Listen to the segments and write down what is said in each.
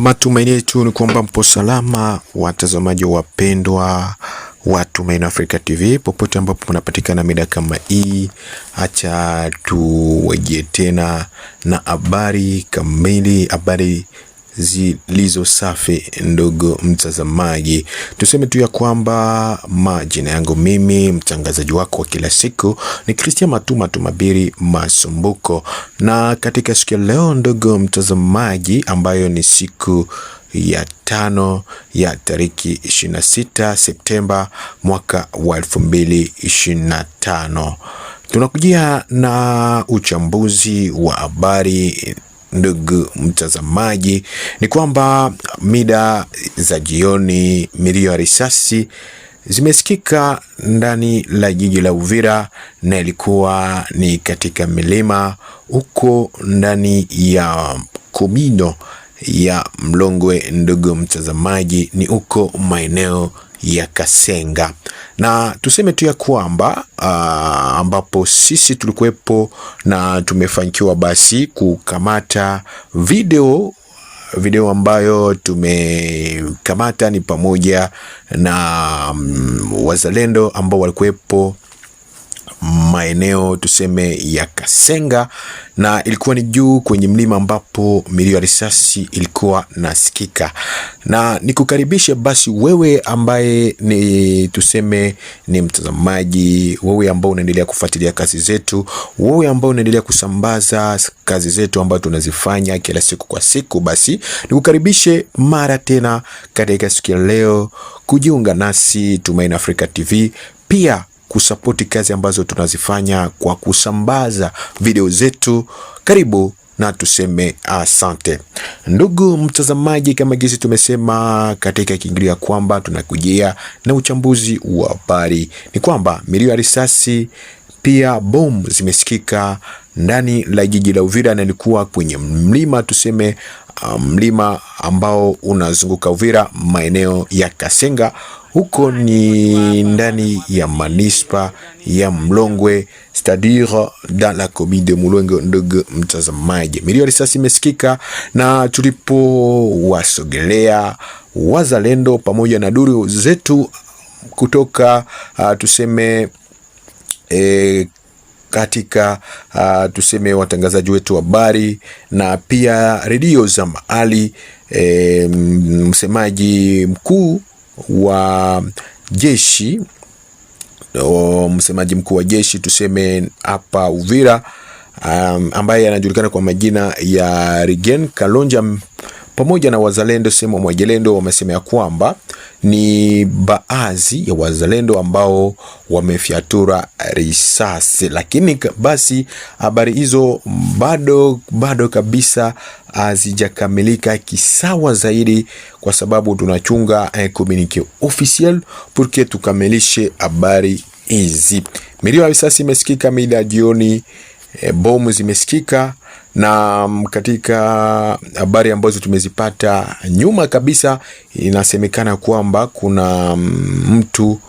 matumaini yetu ni kwamba mpo salama, watazamaji wapendwa wa Tumaini Afrika TV popote ambapo mnapatikana mida kama hii, acha tuwajie tena na habari kamili, habari zilizo safi. Ndugu mtazamaji, tuseme tu ya kwamba majina yangu mimi mtangazaji wako wa kila siku ni Christian Matuma Tumabiri Masumbuko, na katika siku ya leo, ndugu mtazamaji, ambayo ni siku ya tano ya tariki 26 Septemba mwaka wa 2025 tunakujia na uchambuzi wa habari ndugu mtazamaji, ni kwamba mida za jioni milio ya risasi zimesikika ndani la jiji la Uvira na ilikuwa ni katika milima huko ndani ya Komino ya Mlongwe, ndugu mtazamaji, ni uko maeneo ya Kasenga na tuseme tu ya kwamba uh, ambapo sisi tulikuwepo na tumefanikiwa basi kukamata video video ambayo tumekamata ni pamoja na um, wazalendo ambao walikuwepo maeneo tuseme ya Kasenga, na ilikuwa ni juu kwenye mlima ambapo milio ya risasi ilikuwa nasikika, na nikukaribishe basi wewe ambaye ni tuseme ni mtazamaji, wewe ambao unaendelea kufuatilia kazi zetu, wewe ambao unaendelea kusambaza kazi zetu ambazo tunazifanya kila siku kwa siku, basi nikukaribishe mara tena katika siku ya leo kujiunga nasi Tumaini Afrika TV pia kusapoti kazi ambazo tunazifanya kwa kusambaza video zetu. Karibu na tuseme asante. Ndugu mtazamaji, kama jinsi tumesema katika kiingilio ya kwamba tunakujia na uchambuzi wa habari, ni kwamba milio ya risasi pia bomu zimesikika ndani la jiji la Uvira na ilikuwa kwenye mlima tuseme um, mlima ambao unazunguka Uvira maeneo ya Kasenga huko ni ndani ya manispa ya Mlongwe, cest dans la commune de Mulongo. Ndugu mtazamaji, milio risasi imesikika na tulipowasogelea wazalendo pamoja na duru zetu kutoka uh, tuseme e, katika uh, tuseme watangazaji wetu wa habari na pia redio za mahali e, msemaji mkuu wa jeshi o, msemaji mkuu wa jeshi tuseme hapa Uvira, um, ambaye anajulikana kwa majina ya Rigen Kalonja pamoja na wazalendo sehemu wa mwejelendo wamesema kwamba ni baadhi ya wazalendo ambao wamefyatura risasi, lakini basi habari hizo bado bado kabisa ah, hazijakamilika kisawa zaidi, kwa sababu tunachunga eh, communique officiel pour tukamilishe habari hizi. Milio ya risasi imesikika mida jioni e, bomu zimesikika na mm, katika habari ambazo tumezipata nyuma kabisa, inasemekana kwamba kuna mm, mtu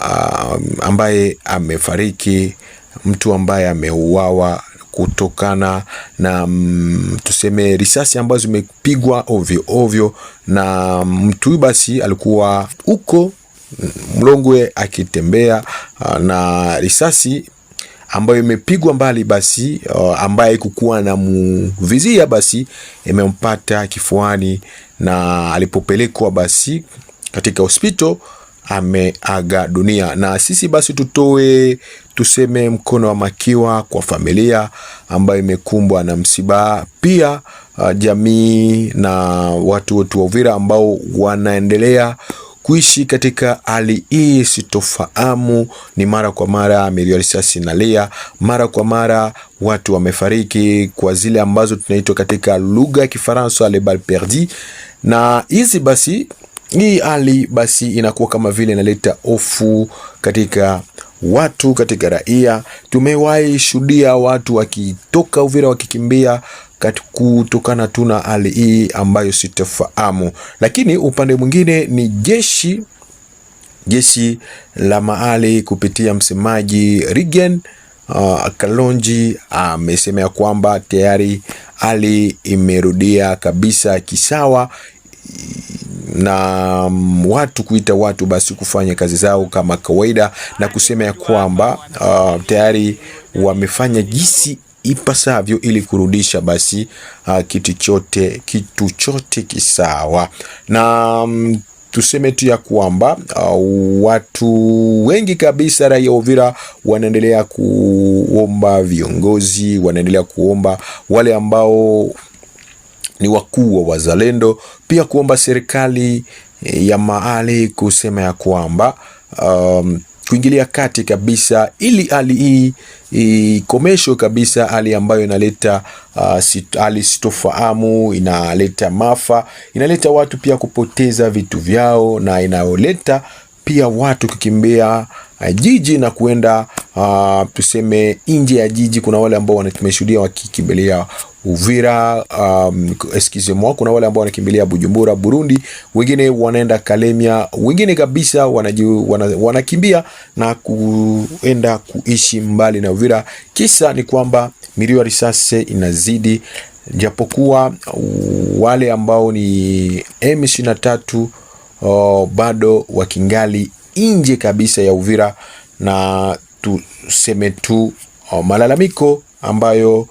uh, ambaye amefariki, mtu ambaye ameuawa kutokana na mm, tuseme risasi ambazo zimepigwa ovyo ovyo, na mm, mtu huyu basi alikuwa huko Mlongwe akitembea na risasi ambayo imepigwa mbali, basi uh, ambaye kukuwa na muvizia basi imempata kifuani, na alipopelekwa basi katika hospitali ameaga dunia. Na sisi basi tutoe tuseme mkono wa makiwa kwa familia ambayo imekumbwa na msiba, pia uh, jamii na watu wetu wa Uvira ambao wanaendelea kuishi katika hali hii sitofahamu. Ni mara kwa mara milio ya risasi inalia, mara kwa mara watu wamefariki kwa zile ambazo tunaitwa katika lugha ya Kifaransa le bal perdues, na hizi basi, hii hali basi inakuwa kama vile inaleta hofu katika watu katika raia. Tumewahi shuhudia watu wakitoka Uvira wakikimbia kutokana tu na hali hii ambayo sitafahamu Lakini upande mwingine ni jeshi jeshi la mahali kupitia msemaji Rigen uh, Kalonji amesema uh, ya kwamba tayari hali imerudia kabisa kisawa na mm, watu kuita watu basi kufanya kazi zao kama kawaida, na kusema ya kwamba uh, tayari wamefanya jinsi ipasavyo ili kurudisha basi uh, ah, kitu chote kitu chote kisawa na um, tuseme tu ya kwamba uh, watu wengi kabisa raia Uvira wanaendelea kuomba viongozi, wanaendelea kuomba wale ambao ni wakuu wa wazalendo, pia kuomba serikali eh, ya mahali kusema ya kwamba um, kuingilia kati kabisa ili hali hii ikomeshwe kabisa, hali ambayo inaleta uh, hali sitofahamu, inaleta maafa, inaleta watu pia kupoteza vitu vyao na inayoleta pia watu kukimbia uh, jiji na kuenda uh, tuseme nje ya jiji. Kuna wale ambao tumeshuhudia wakikimbilia Uvira, um, excusez-moi, kuna wale ambao wanakimbilia Bujumbura Burundi, wengine wanaenda Kalemia, wengine kabisa wanaji, wana, wanakimbia na kuenda kuishi mbali na Uvira. Kisa ni kwamba milio ya risasi inazidi, japokuwa wale ambao ni M23 oh, bado wakingali nje kabisa ya Uvira, na tuseme tu oh, malalamiko ambayo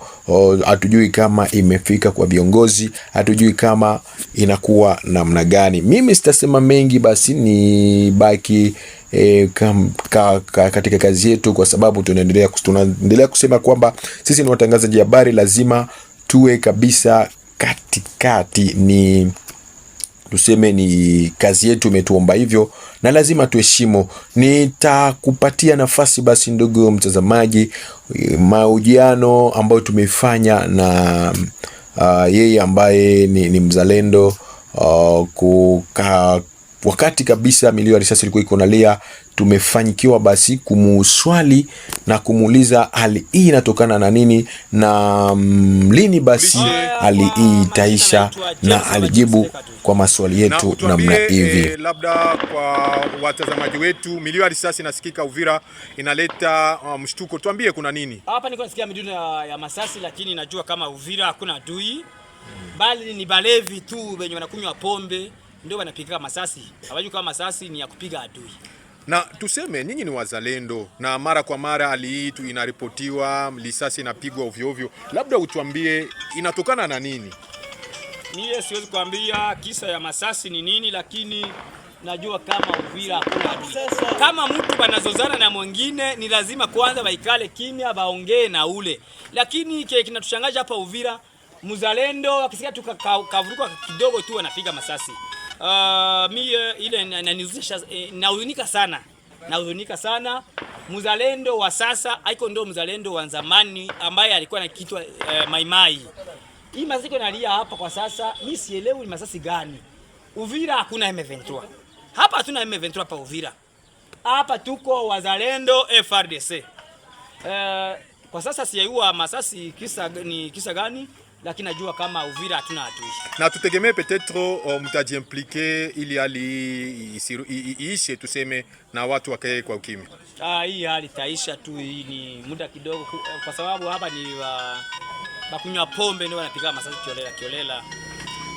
hatujui kama imefika kwa viongozi, hatujui kama inakuwa namna gani. Mimi sitasema mengi, basi ni baki E, kam, ka, ka, katika kazi yetu kwa sababu tunaendelea tunaendelea kusema kwamba sisi ni watangazaji habari, lazima tuwe kabisa katikati ni tuseme ni kazi yetu imetuomba hivyo na lazima tuheshimu. Nitakupatia nafasi basi, ndugu mtazamaji, mahojiano ambayo tumeifanya na uh, yeye ambaye ni, ni mzalendo uh, kuka wakati kabisa milio ya risasi ilikuwa iko nalia, tumefanyikiwa basi kumuswali na kumuuliza hali hii inatokana na nini na mm, lini basi hali hii itaisha, na alijibu kwa maswali yetu namna eh, hivi. Eh, labda kwa watazamaji wetu, milio ya risasi inasikika Uvira, inaleta uh, mshtuko. Tuambie kuna nini hapa? Niko nasikia midundo ya, ya masasi, lakini najua kama Uvira hakuna adui, bali ni balevi tu wenye wanakunywa pombe ndio wanapiga masasi, hawajui kama masasi ni ya kupiga adui. Na tuseme nyinyi ni wazalendo, na mara kwa mara hali hii tu inaripotiwa, lisasi inapigwa ovyo ovyo, labda utuambie inatokana na nini? Mie siwezi kuambia kisa ya masasi ni nini, lakini najua kama Uvira hakuna adui. Kama mtu banazozana na mwingine, ni lazima kwanza baikale kimya, baongee na ule. Lakini kile kinatushangaza hapa Uvira, mzalendo akisikia tukakavuruka kidogo tu anapiga masasi. Uh, ah, mi ile nanizisha eh, nahuzunika sana, nahuzunika sana. Mzalendo wa sasa aiko ndio mzalendo wa zamani ambaye alikuwa na kitwa eh, maimai. Hii maziko nalia hapa kwa sasa, mi sielewi ni masasi gani. Uvira hakuna M23. Hapa hatuna M23 hapa Uvira. Hapa tuko wazalendo FRDC. Eh, kwa sasa siyaiwa masasi kisa ni kisa gani? lakini najua kama Uvira hatuna hatuishi na tutegemee petetro euh, mtajiimplike ili hali iishe, tuseme na watu wakae kwa ukimya. Ah, hii hali taisha tu, ni muda kidogo, eh, kwa sababu hapa ni bakunywa pombe ndio wanapiga masasi kiolela kiolela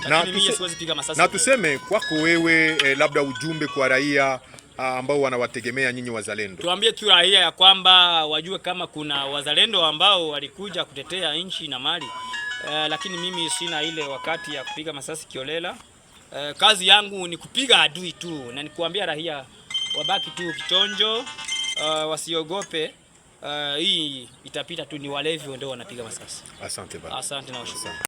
na, tuse, na tuseme kwako wewe eh, labda ujumbe kwa raia ah, ambao wanawategemea nyinyi wazalendo. Tuambie tu raia ya kwamba wajue kama kuna wazalendo ambao walikuja kutetea nchi na mali eh, lakini mimi sina ile wakati ya kupiga masasi kiolela. Eh, kazi yangu ni kupiga adui tu na nikuambia raia wabaki tu kitonjo, uh, wasiogope. Uh, hii itapita tu, ni walevi ndio wanapiga masasi. Asante baba. Asante na washukuru.